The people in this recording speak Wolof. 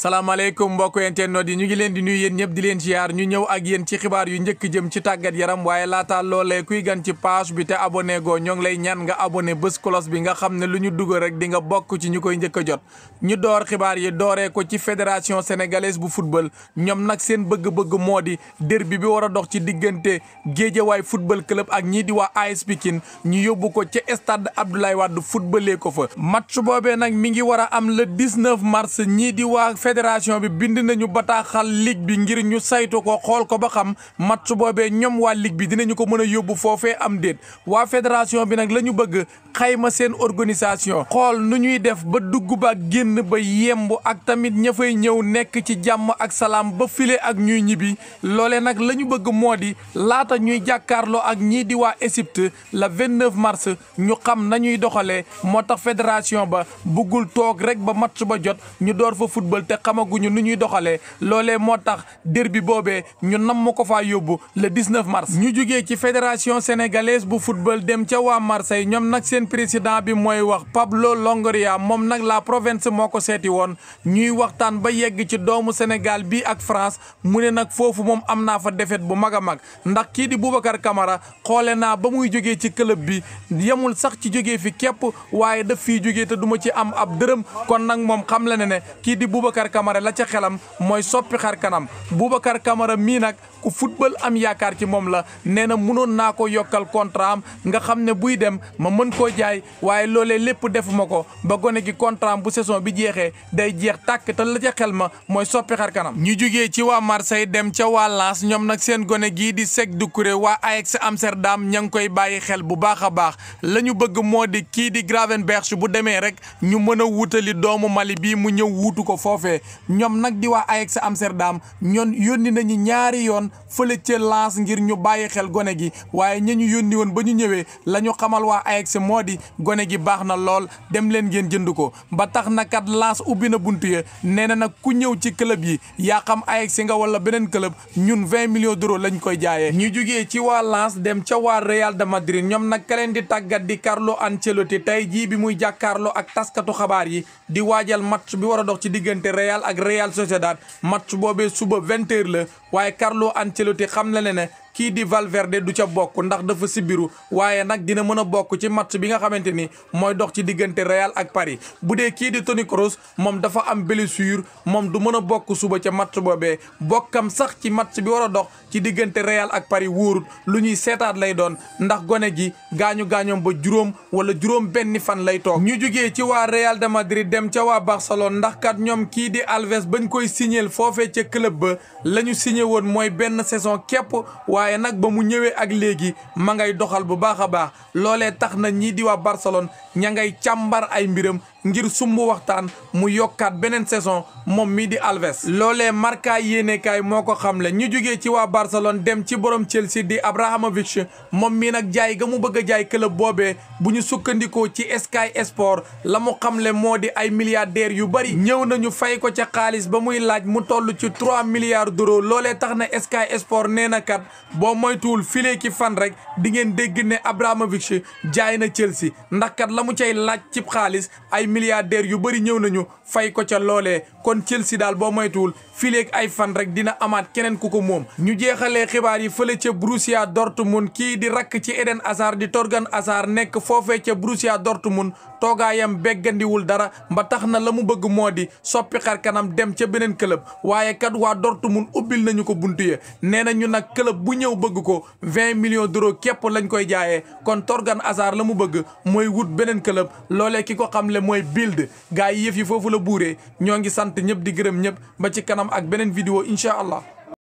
salaamaaleykum mbokk internet yi ñu ngi leen di nuyu yéen ñëpp di leen ziar ñu ñëw ak yéen ci xibaar yu njëkk jëm ci tàggat yaram waaye laata loolee kuy gan ci page bi te abonné goo ñoo ngi lay ñaan nga abonné bés cloche bi nga xam ne lu ñu dugg rek di nga bokk ci ñu koy njëkk a jot ñu door xibaar yi dooree ko ci fédération sénégalaise bu football ñoom nag seen bëgg-bëgg moo di derbi bi war a dox ci diggante Géejawaay football club ak ñii di waa AS Pikine ñu yóbbu ko ca stade Abdoulaye Wade footballee ko fa match boobee nag mi ngi war a am le 19 mars ñii di waa fédération bi bind nañu bataaxal lig bi ngir ñu saytu ko xool ko ba xam match boobee ñoom waa ligue bi dinañu ko mën a yóbbu foofee am déet waa fédération bi nag la ñu bëgg xayma seen organisation xool nu ñuy def ba dugg ba génn ba yemb ak tamit ña fay ñëw nekk ci jàmm ak salaam ba file ak ñuy ñibbi loole nag la ñu bëgg moo di laata ñuy jàkkaarloo ak ñii di waa Égypte le 29 mars ñu xam nañuy doxalee moo tax fédération ba buggul toog rek ba match ba xamaguñu nu ñuy doxalee loole moo tax derby boobee ñu namm ko faa yóbbu le 19 mars. ñu jugee ci fédération sénégalaise bu football dem ca waa Marseille ñoom nag seen président bi mooy wax Pablo Longoria moom nag la Provence moo ko seeti woon ñuy waxtaan ba yegg ci doomu Sénégal bi ak France mu ne nag foofu moom am naa fa défaite bu mag a mag ndax kii di Boubacar kamara xoole naa ba muy jógee ci club bi yemul sax ci jóge fi képp waaye daf fiy jógee te duma ci am ab dërëm kon nag moom xam Boubacar Kamara la ca xelam mooy soppi xar kanam Boubacar Kamara mii nag ku football yaakaar ci moom la nee na mënoon naa ko yokkal contrat nga xam ne buy dem ma mën koo jaay waaye loolee lépp defuma ko ba gone gi contrat bu saison bi jeexee day jeex tàkk la ca xel ma mooy soppi kanam. ñu jugee ci waa Marseille dem ca waa Lens nag seen gone gii di Sec Doucouré waa Ajax Amsterdam ña ngi koy bàyyi xel bu baax a baax la bëgg moo di kii di Gravenberch bu demee rek ñu mën wutali doomu Mali bii mu ñëw wuutu ko foofee defee ñoom nag di waa Ajax Amsterdam ñoon yónni nañu ñaari yoon fële ca Lens ngir ñu bàyyi xel gone gi waaye ñi ñu yónni woon ba ñu ñëwee la ñu xamal waa Ajax moo di gone gi baax na lool dem leen ngeen jënd ko ba tax na kat ubbi na buntu ya nee na nag ku ñëw ci club yi yaa xam Ajax nga wala beneen club ñun 20 millions d'euros lañ koy jaayee. ñu jugee ci waa Lens dem ca waa Real de Madrid ñoom nag ka di tàggat di Carlo Ancelotti tey jii bi muy jàkkaarloo ak taskatu xabaar yi di waajal match bi war dox ci diggante Villarreal ak Real Sociedad match boobee suba 20h la waaye Carlo Ancelotti xam na ne ne kii di Valverde du ca bokk ndax dafa sibiru waaye nag dina mën a bokk ci matt bi nga xamante ni mooy dox ci diggante Real ak Paris bu dee kii di Toni Kroos moom dafa am belesure moom du mën a bokk suba ca matt boobee bokkam sax ci match bi war a dox ci diggante Real ak Paris wóorut lu ñuy seetaat lay doon ndax gone gi gaañu gaañoom ba juróom wala juróom benn fan lay toog ñu jugee ci waa Real de Madrid dem ca waa Barcelone ndax kat ñoom kii di Alves bañ koy signéel foofee ca club ba la ñu woon mooy benn saison képp waaye nag ba mu ñëwee ak léegi ma ngay doxal bu baax a baax loolee tax na ñii di waa Barcelone ña ngay càmbar ay mbiram ngir sumb waxtaan mu yokkaat beneen saison moom mii di Alves loolee Marca yéenekaay moo ko xamle ñu jugee ci waa Barcelone dem ci borom Chelsea di Abramovich moom mii nag jaay ga mu bëgg a jaay club boobee bu ñu sukkandikoo ci Sky Sport la mu xamle moo di ay milliardaires yu bari ñëw nañu fay ko ca xaalis ba muy laaj mu toll ci trois milliards d'euros loolee tax na Sky Sport nee na kat boo moytuwul filee ki fan rek di ngeen dégg ne Abramovich jaay na Chelsea ndax kat xaalis ay milliardaires yu bëri ñëw nañu fay ko ca loolee kon Chelsea daal boo moytuwul fileeg ay fan rek dina amaat keneen ku ko moom ñu jeexalee xibaar yi fële ca Borussia mun kii di rakk ci Eden Hazard di Torgan Hazard nekk foofee ca mun Dortmund yam beggandiwul dara ba tax na la mu bëgg moo di soppi xar kanam dem ca beneen club waaye kat waa mun ubbil nañu ko buntu ya nee na ñu nag club bu ñëw bëgg ko vingt millions d'euros képp lañ koy jaayee kon Torgan Hazard la mu bëgg mooy wut beneen club loole ki ko xamle mooy Bild gars yi yi foofu la buuree ñoo ngi sant ñëpp di gërëm ñëpp ci kanam ak beneen vidéo incha allah